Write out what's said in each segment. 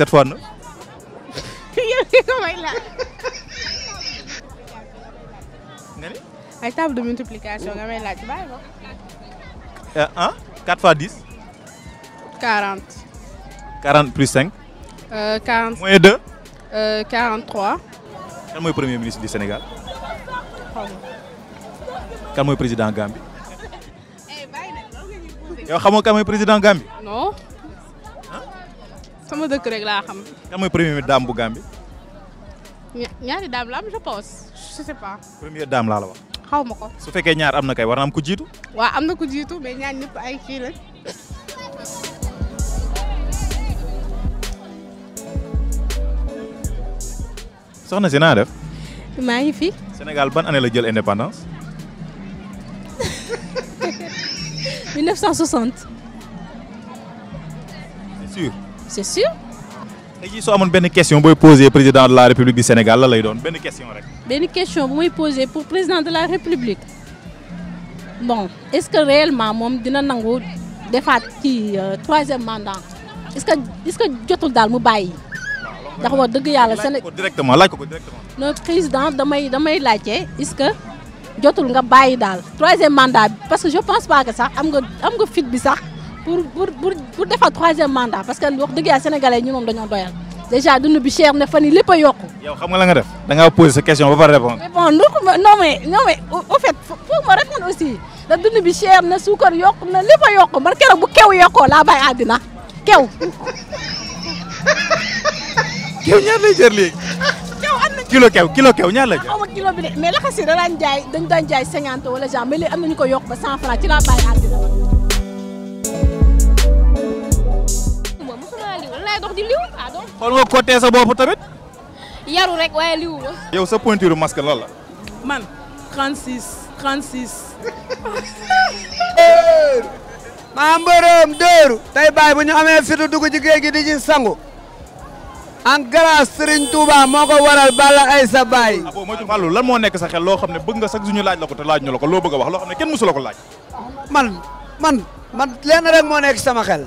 cette fois non ay table de multiplication 4 eh, hein? fois 10. 40. 40 plus 5. Euh, 40 moins 2. Euh, 43. est le premier ministre du Sénégal. Comme est président président Gambie. est eh, le président Gambie. non sama dëkk rek laa xam. la première dame bu Gambie. ñaari dame la am je pense je sais pas. première dame laa la wax. xaw su fekkee ñaar am kay war na am ku jiitu. waaw am mais ñaar ñëpp ay def. fi. Sénégal ban année la jël indépendance. 1960. c'est sûr c'est sûr. Et jii soo amoon benn question pour poser président de la république du Sénégal la lay doon benn question rek. benn question bu muy poser pour président de la république bon est-ce que réellement il dina nangu defaat ci euh, troisième mandat est-ce que est-ce que jotul daal mu bàyyi. ndax directement Le ko directement. président damay damay laajte est-ce que. jotul nga bàyyi daal troisième mandat parce que je pense pas que ça, am nga am nga fit bi pour pour pour pour troisième mandat parce que wax sénégalais ñu déjà nous bi cher na Nous yokku. question ba répondre. bon non mais non mais au fait faut répondre aussi da dund bi cher na na man kéro bu kew la bay adina kew. kew ñaar lay nous kilo kilo kew ah, mais jaay dañ jaay wala genre mais laay dox di liw ah nga côté sa bopp tamit. yaru rek waaye liw yow sa pointure masque lan la. man 36 36. maa mbërëm dëru tey baay bu ñu amee fitu dugg ci géej gi di ci sangu. en grâce Serigne Touba moo ko waral bala ay sa baay. ah bon moo nekk sa xel loo xam ne bëgg nga sax suñu laaj la ko te laaj ñu la ko loo bëgg a wax loo xam ne kenn mësu la ko laaj. man man man lenn rek moo nekk sama xel.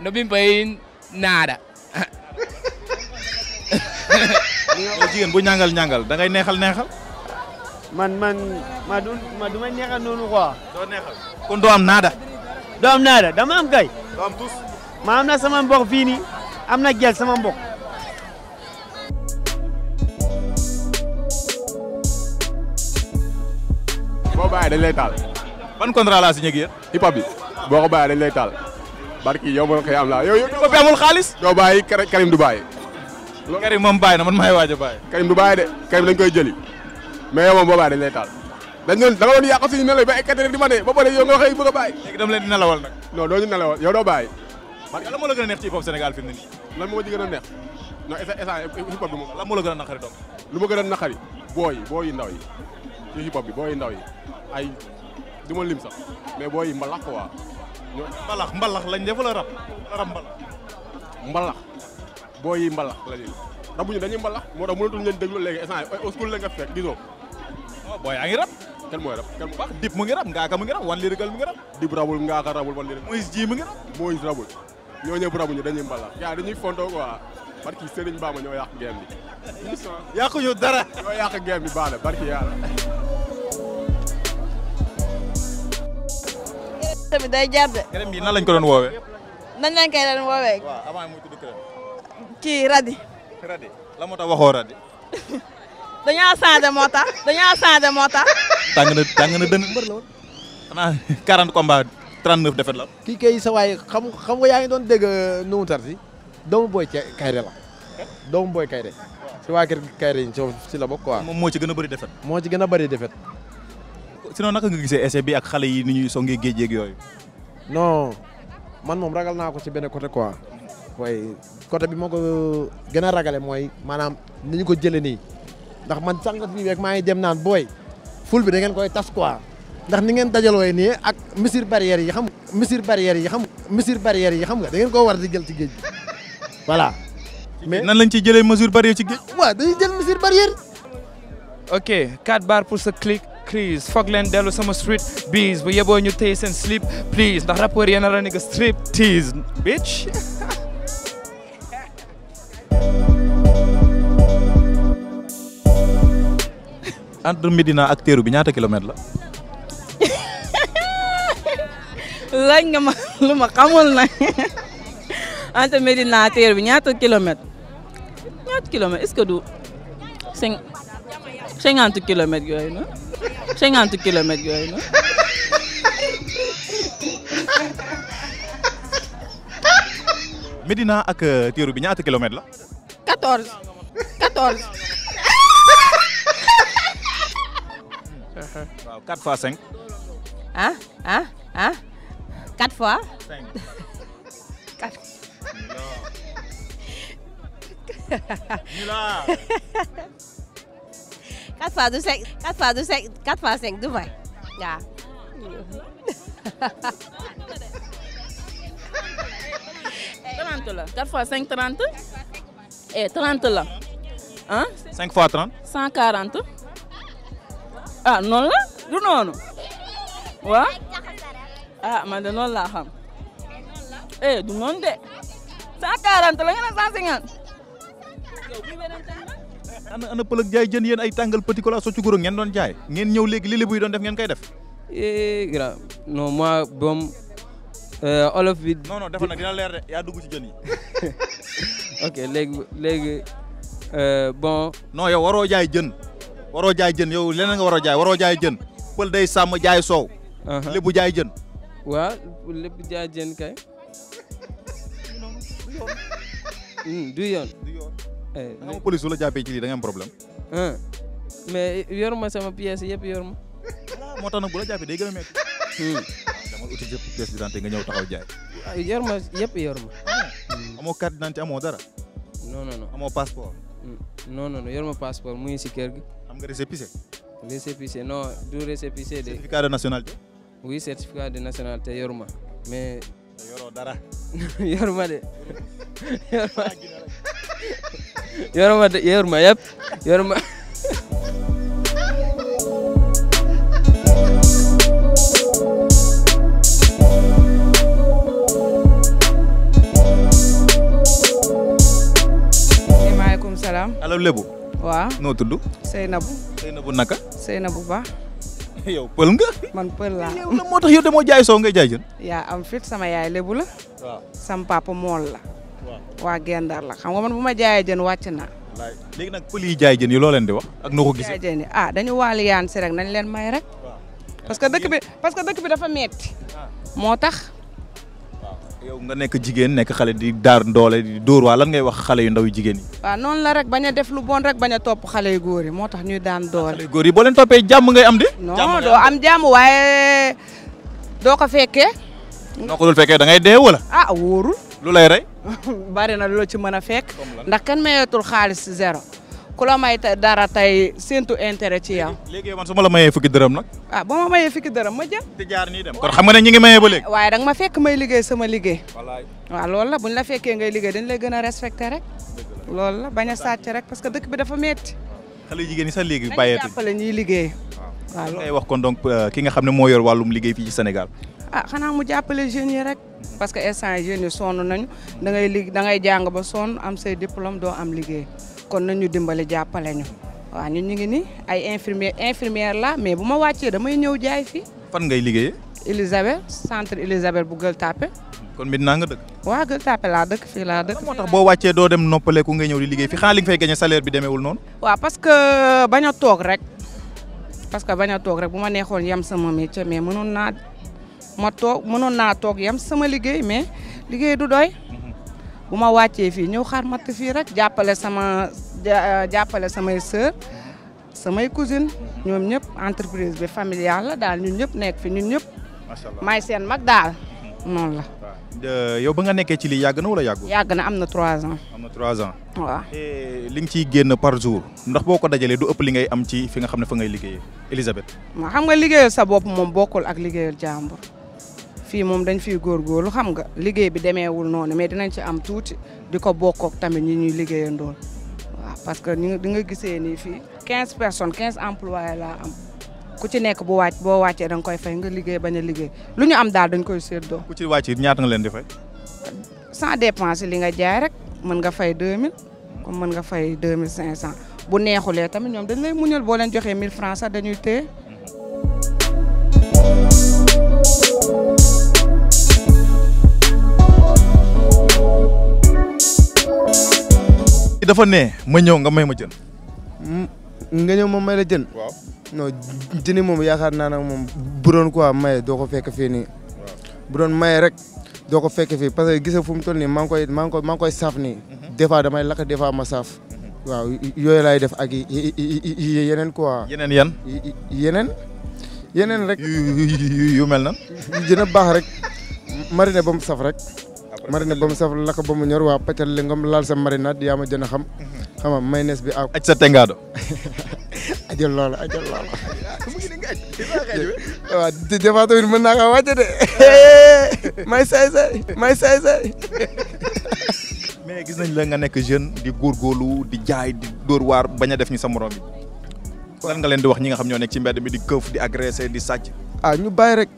no been paying nada. yow jigéen bu ñàngal ñàngal da ngay neexal neexal. man man ma du ma du ma neexal noonu quoi. doo neexal kon doo am nada do am nada dama am kay. do am tus. ma am na sama mbokk fii nii am na sama mbokk. bo bàyyee dañ lay taal. ban contrat laa signé ak ya? hip hop bi boo ko dañ lay barki yow man xëy am laa yow yow. ko fi amul xaalis. doo bàyyi Karim du bàyyi. Karim moom bàyyi na man maay waaj a bàyyi. Karim du bàyyi de Karim dañ koy jëli mais yow moom boobaa dañ lay taal dañ doon da nga ba ay quatre di ma ne ba pare yow nga xëy bëgg a bàyyi. léegi dama leen di nelawal nag. non doo ñu nelawal yow doo lan moo la gën a neex ci hip hop Sénégal fi mu ne moo ci a neex non instant hip hop bi moom. lan moo la gën a naqari donc. lu ma gën a naqari booy booy ndaw yi hip hop bi booy ndaw ma lim sax mais booy mbalax quoi mbalax mbalax lañ def wala rab wala rab mbalax mbalax booy yi mbalax la ñuy rabuñu dañuy mbalax moo tax mënatul leen déglu léegi instant la nga kan mooy kan baax dip mu ngi rab ngaaka mu ngi rab wan lirigal mu ngi rab dip rabul ngaaka rabul wan lirigal moïse ji mu ngi rab moïse rabul ñoo ñëpp rabuñu dañuy mbalax gaa dañuy fontoo quoi barki sëriñ baama ñoo yàq game bi yàquñu dara ñoo barki tamit day jaar de. crème bi nan lañ ko doon woowee. nan lañ koy doon woowee. waaw avant muy tudd crème. kii radi. radi la moo tax waxoo radi. dañoo changé moo tax. dañoo changé moo tax. tàng na tàng na dënn mbër la woon. xanaa 40 combats 39 défaites la. kii kay sa waay xam xam nga yaa ngi doon dégg euh, nu mu tarti doomu booy kayre la. doomu booy kayre. si waa kër kayre yi si la bokk quoi. moom moo ci gën a bëri défaite. moo ci gën a bëri défaite. sino naka nga gisee SCB ak xalé yi ni ñuy songé gédjé ak yoy non man mom ragal naa ko ci bénn côté quoi. waaye côté bi moko gëna ragalé moy manam mooy ni ñu ko jëlé ni ndax man sangat fii wék maa ngi dem naan boy ful bi da ngeen koy tass quoi. ndax ni ngeen dajal way ni ak mesure barrière yi xam mesure barrière yi xam mesure barrière yi xam nga da ngeen ko war di jël ci gédj voilà. mais nan lañ ci jëlé mesure barrière ci gédj wa dañu jël mesure barrière. ok 4 bar pour ce clic crease foog leen dellu sama street bees bu boy ñu taste and sleep please ndax rappeur yéen nah, a la nekk strip tease bitch Andrew Medina ak bi ñaata kilomètre la laaj nga ma lu ma xamul na Andrew Medina Terrou-Bi ñaata kilomètre ñaata kilomètre est-ce que du cinq cinquante kilomètres yooyu ngantuk kilomet gue ini. Medina ak tiru bi ñaata kilomètre la. 14 14. waaw 4 fois 5. ah ah ah 4 fois. 5 4. 5, fazla yüksek, kaç fazla yüksek, kaç fazla yüksek Dubai. Ya. trente la quatre fois cinq trente. eh trente la. ah. 5 fois trente. cent quarante. ah non la du non, waaw. ah man de noonu laa eh du non de. cent quarante la nga ne cent cinquante ana ana pëlëk jay jeun yeen ay tangal petit cola so ci guró ngeen don jay ngeen ñew léegi lili buy don def ngeen koy def eh gra no moi bom euh olof it. non non defal nak dina leer de ya dugg ci jeun yi ok léegi léegi euh bon non yow waro jay jeun waro jay jeun yow leneen nga waro jay waro jay jeun peul day jay so soow uh-huh. bu jay jeun wa lepp jay jeun kay hmm, du yoon du yoon da eh, nga police la jàppee ci lii da nga am problème. Eh, mais yor ma sama pièce yëpp yor ma. moo tax nag bu la jàppee day gën a métti. dama uti jëpp pièce d'identité nga ñëw taxaw jaay. yor ma yëpp yor ma. amoo carte d'identité amoo dara. non non non amoo passeport. non non non yor ma passeport mu ngi si kër gi. am nga récépissé. récépissé non du récépissé de. certificat de nationalité. oui certificat de nationalité yor ma mais. yoroo dara. yor ma de yor ma. yoruma yoruma yëpp yoruma maaleykum salaam. allo Lébu. waaw noo tudd. Seynabou. Seynabou naka. Seynabou Ba. yow pël nga. man pël la moo tax yow de moo jaay soow ngay jaay jën. yaa am fit sama yaay Lébu la. waaw papa mool la. waa Gendar la xam nga man buma jaay jeen wacc na naa. nak poli jaay jeen yi lo leen di wax ak noo gisee. jaay ah dañu wal yaan ci rek nañ leen may rek. parce que dëkk bi parce que dëkk bi dafa metti ah. motax yow nga nek jigen nek xalé di dar ndole di door wa lan ngay wax xalé yu ndaw yu jigéen yi. waaw noonu la rek baña def lu bon rek baña top xalé xale yu góor yi moo ñuy daan doole. xalé yu yi boo leen ngay am di. jamm do am jamm waye do ko fekke noo ko dul fekke da ngay dee wala. ah worul lu lay bari na lu ci mën a fekk ndax kenn mayeetul xaalis zéro ku la may dara tey séntu intérêt ci yow. léegi man ma la mayee fukki dërëm nag. ah ba ma mayee fukki dërëm ma jël. jaar nii dem kon xam ma ne ñu ngi mayee ba léegi. waaye danga ma fekk may liggéey sama liggéey. wallaay waaw loolu la buñ la fekkee ngay liggéey dañ lay gën a respecté rek. loolu la bañ a sàcc rek parce que dëkk bi dafa metti xale jigéen ñi sax léegi bàyyeetuñ dañuy jàppale ñuy liggéey waaw loolu ngay wax kon donc euh, ki nga xam ne moo yor wàllum liggéey fii ci Sénégal. ah xanaa mu jàppale jeunes rek. parce que instant jeunes yi sonn nañu da ngay lig da ngay jàng ba sonn am say diplôme doo am liggéey kon nañu dimbali jàppale ñu waaw ñun ñu ngi ni ay infirmier infirmière la mais bu ma wàccee damay ñëw jaay fi fan ngay liggéeyee. Elisabeth centre Elisabeth bu Gueule Tapée. kon mit naa nga dëkk. waaw Gueule Tapée laa dëkk fii laa dëkk. moo tax boo wàccee doo dem noppaleku nga ñëw di liggéey fii xanaa li nga fay gagné salaire bi demeewul noonu. parce que bañ tok rek buma ma yam sama métier mais mënon na ma tok mënon na tok yam sama liggéey mais liggéey du doy. buma waccé fi ñeu xaar mat fi rek jappalé sama jappalé sama sœur sama cousine ñom ñep entreprise bi familiale la daal ñun ñep nek fi ñun ñëpp. macha allah may sen mag dal non la. Euh, yow ba nga nekkee ci lii yàgg na wala yàggul. yàgg na am na trois ans. am na trois ans. waaw te li nga ciy génn par jour ndax boo ko dajalee du ëpp li ngay am ci fi nga xam ne fa ngay liggéeyee Elisabeth. ma xam nga liggéeyal sa bopp moom bokkul ak liggéeyal jàmbur fii moom dañ góor góorgóorlu xam nga liggéey bi demeewul noonu mais dinañ ci am tuuti di ko bokkook tamit ñi ñuy liggéeyandoon waaw parce que ñu di nga gisee nii fii quinze personnes quinze employés laa am. ku ci nekk bu wàcc boo wàccee da nga koy fay nga liggéey bañ a liggéey lu ñu am daal dañ koy séddoo. ku ci wàcc it ñaata nga leen di fay. sans dépense li nga jaay rek mën nga fay 2000 comme mën nga fay 2500 bu neexulee tamit ñoom dañ lay muñal boo leen joxee 1000 francs sax dañuy téye. ne ma ñëw nga may ma jën. Mm, nga ñëw ma may jën. waaw. non dini moom yaakaar naa nag moom bu doon quoi maye doo ko fekk fii nii. bu doon maye rek doo ko fekk fii parce que gisa fu mu toll nii maa ngi koy maa ngi koy maa ngi koy saaf nii. Mhm. des damay lakk des fois ma saaf. Mhm. waaw yooyu laay def ak yeneen quoi. yeneen yan. yeneen. yeneen rek yu mel nan. dina baax rek. marine ba mu saf rek. marine ba mu saf lakk ba mu ñor waa pàccal li ngam laal sa marinade yaa ma a xam. Mhm. xam nga maynes bi ak. aj sa tengaado. ajal loola ajal loola. waaw di defaat tamit mën naa ko wàcce de. may say say may say say. mais gis nañ la nga nekk jeune di góorgóorlu di jaay di dóor waar bañ def ñu sa morom bi. lan nga leen di wax ñi nga xam ñoo nekk ci mbedd mi di këf di agressé di sàcc. ah ñu bàyyi rek.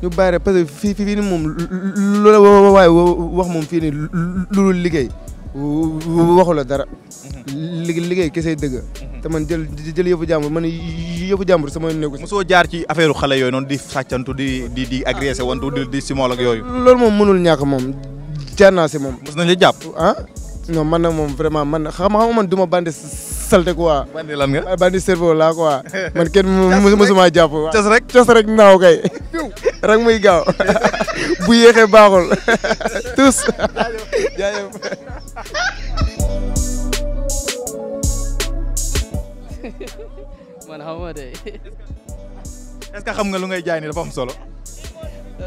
ñu bàyyi rek parce que fii fii nii moom lu la wax moom fii nii lu liggéey. waxu la dara. Mhm. liggéey kese dëgg. Mhm. te man jël jël yëfu jàmbur man yëfu jàmbur sama néegu. mosoo jaar ci affaire xale yooyu noonu di sàccantu di di di agressé wantu di di simol ak yooyu. loolu moom mënul ñàkk moom jaar naa si moom. mos nañ la jàpp ah. non man nag moom vraiment man xam nga man du ma salte quoi. bandi lan nga man kenn mësuma jàpp. cos rek cos rek muy gaaw bu yéexee baaxul tous jaajëf. man xaw ma xam nga lu ngay jaay ni solo.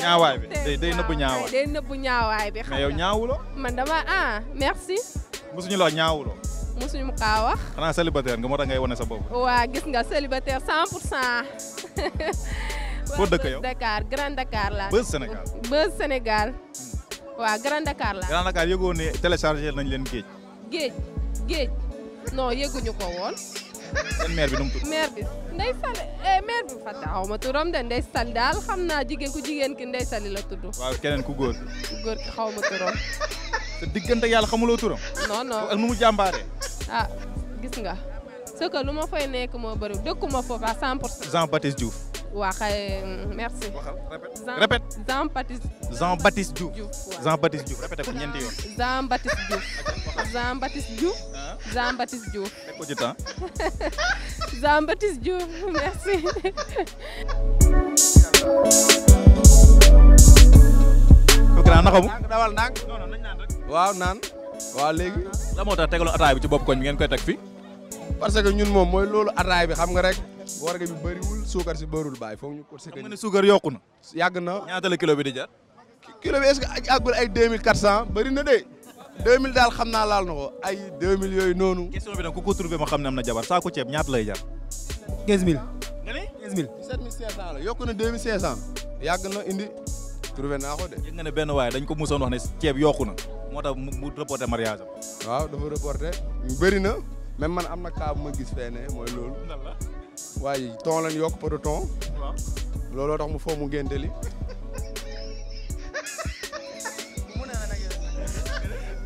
ñaawaay bi day day nëbbu ñaawaay day nëbbu ñaawaay bi. xam nga mais yow ñaawuloo. man dama ah merci. mosuñu la ñaawuloo. mosuñu mu kaa wax. xanaa célibataire nga moo tax ngay wane sa bopp. waa gis nga célibataire 100 pour cent. foo dëkk yow Dakar Grand Dakar laa. Buzz Sénégal Buzz Sénégal. waa Grand Dakar laa. Grand Dakar yëgoo ne téléchargé nañ leen géej. géej géej non yëguñu ko woon. seen maire bi nu mu tudd. maire bi Ndeye eh, Sali bi Fatta xaw ma turam de Ndeye Sali daal xam naa jigéen ku jigéen ki Ndeye Sali la tudd. waaw keneen ku góor ku góor ki xaw ma turam. te diggante yàlla xamuloo turam. non non ak mu jàmbaaree. ah gis nga ce que lu ma fay nekk moo bëri dëkkuma foofa à 100 pour cent. Jean Baptiste Diouf. waa xay euh, merci. répète Jean Baptiste. Jean Baptiste Diouf Jean Baptiste Diouf répété ko ñeenti yoon. Jean Baptiste Diouf. Jean Baptiste Diouf. Ah. Jean Baptiste Diouf. teg ko ci temps. Jean Baptiste Diouf merci. waaw na xamu dawal naan waaw naan waaw léegi la moo tax tegaloo ataay bi ci bopp koñ bi ngeen koy teg fii parce que ñun moom mooy loolu ataay bi xam nga rek warga bi bëriwul suukar si bëriwul bàyyi foog ñu. ko xam nga ne suukar yokku na. yàgg de daal xam naa laal na ko ay 2000 yooyu noonu. question bi ku ko ma xam ne am na jabar saako ceeb ñaata lay jar. 15000. nga ne 15000. 17500 la yokku na 2500. na indi trouvé naa de. yëg nga ne benn waaye dañ ko musoon wax ne ceeb yokku na moo tax mu reporté mariage am. waaw dafa reporté bëri na même am na cas bu ma gis fee ne mooy waaye ton lañ yokk peu de ton. waaw looloo tax mu foo mu ngénte li.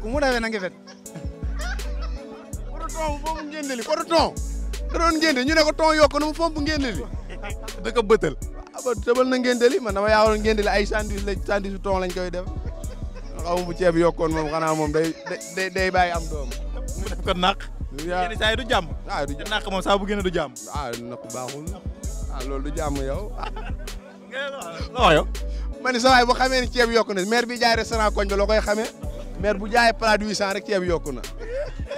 ku mu dawee na nga fet. peu de ton mu foo mu ngénte li peu de ton. da doon ngénte ñu ne ko ton yokk na mu foo mu ngénte li. da ko bëtal. ah ba tëbal na ngénte li man dama yaawoon ngénte li ay sandwich la sandwich su ton lañ koy def. xaw ma bu ceeb yokkoon moom xanaa day day day am doom. mu def ko naq. yenn saa yi du jàmm. ah naq moom saa bu génne du jàmm. ah naq baaxul ah loolu du jàmm yow. loo wax yow. ma ni sa ceeb yokku na maire bi jaay restaurant koñ loo koy xamee maire bu jaayee plat huit rek ceeb yokku na.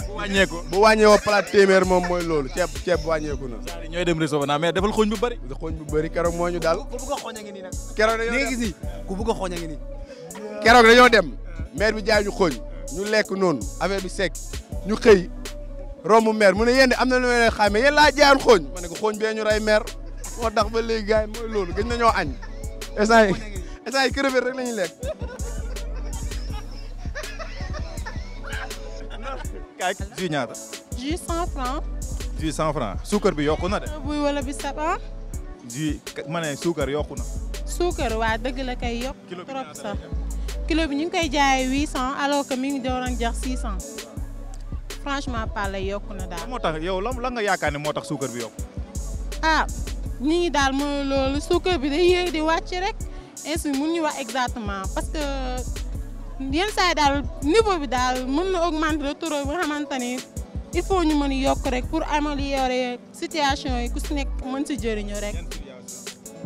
bu wàññeeku bu wàññeewoo plat téeméer moom mooy loolu ceeb ceeb wàññeeku na. ñooy dem réseau naa mais defal xooñ bu bëri. xooñ bu bëri keroog moo ñu dal. ku bugg a xooñ a ngi nii nag. keroog dañoo ku bugg a ngi nii. keroog dañoo dem maire bi jaay ñu xooñ ñu lekk noonu affaire bi sec ñu xëy romb maire mu ne yéen am na lu may xaame yéen laa jaayoon xooñ ma ne ko xooñ bee ñu rey maire moo tax ba léegi gars mooy loolu gëj nañoo añ. instant yi instant yi crevettes rek la ñuy lekk. kaay jus ñaata. francs. jus 100 francs suukar bi yokku na de. buy wala bi saba. Ah. jus ma suukar yokku na. suukar la kay yokk kilo bi ñu ngi koy jaayee 800 alors que mi ngi doon jar 600. franchement parler yokku na daal. moo tax yow lan lan nga yaakaar ne moo suukar bi yokku. ah ñi daal mooy loolu suukar bi day yéeg di wacc rek ainsi mun ñu wax exactement parce que yenn saa yi daal niveau bi daal mën na augmenter de trop ba xamante ni il faut ñu man yokk rek pour améliorer situation yi ku si nekk mën si jëriñoo rek.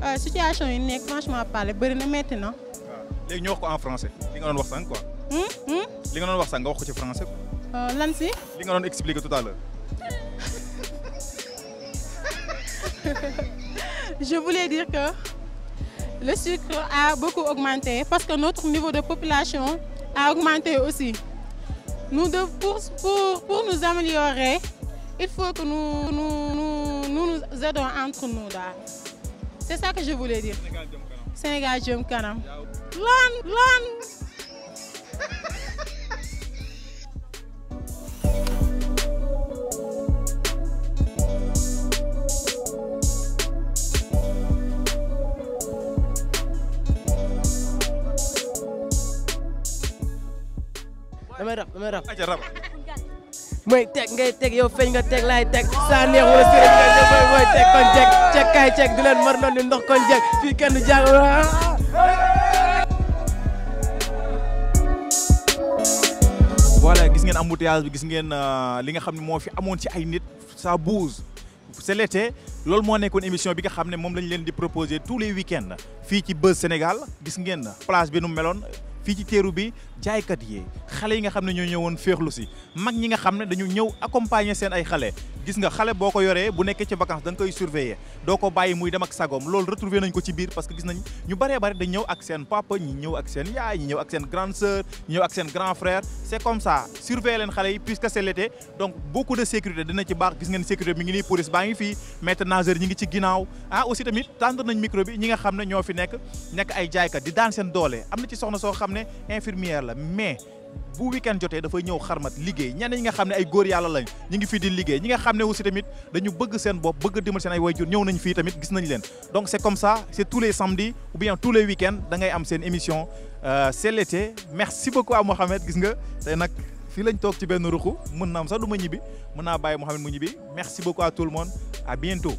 Euh, situation yi nekk franchement parler bëri na métti na. waaw ah, léegi ñu wax ko en français li nga doon wax sànq quoi. Hmm? Hmm? wax ko ci français Euh, Lancy, li expliquer tout à l'heure je voulais dire que le sucre a beaucoup augmenté parce que notre niveau de population a augmenté aussi. Nous devons, pour, pour, pour, nous améliorer, il faut que nous nous, nous, nous, aidons entre nous. C'est ça que je voulais dire. Sénégal Diom Kanam. Sénégal nga rab aca rab mooy teg ngay teg yow feeñ nga teg laay teg saa cek kay cek du leen mar noonu ndox kon voilà gis ngeen embouteillage gis ngeen euh, li nga fi amoon ci ay nit ça bouge c'est l'été loolu moo nekkoon émission bi nga lañ leen di proposer tous les week-ends fii ci Buzz Sénégal gis ngeen place bi nu fii ci teeru bi jaaykat yi xale yi nga xam ne ñoo ñëwoon féexlu si mag ñi nga xam ne dañu ñëw accompagner seen ay xale gis nga xale boo ko yoree bu nekkee ci vacances da nga koy surveiller doo ko bàyyi muy dem ak sagoom loolu retrouver nañ ko ci biir parce que gis nañ ñu baree bari dañ ñëw ak seen papa ñi ñëw ak seen yaay ñi ñëw ak seen grande sœur ñi ñëw ak seen grand frère c'est comme ça surveiller leen xale yi puisque c'est l'été donc beaucoup de gis ngeen sécurité mi ngi nii police baa ngi fii maître nageur ñi ngi ci ah, xam ne ñoo fi nekk nekk ay jaaykat di daan doole ne infirmière la mais bu weekend joté da fay ñëw xarmat liggéey ñenn ñi nga xamné ay goor yalla lañ ñi ngi fi di liggéey ñi nga xamné ne aussi tamit dañu bëgg seen bop bëgg dimbal seen ay wayjur ñëw nañ fi tamit gis nañ leen donc c'est comme ça c'est tous les samedis ou bien tous les weekends da ngay am seen émission euh, c'est l'été merci beaucoup à Mohamed gis nga tay nak fi lañ tok ci benn ruxu mën naa am sax duma ñibi mëna baye Mohamed mu ñibi merci beaucoup à tout le monde à bientôt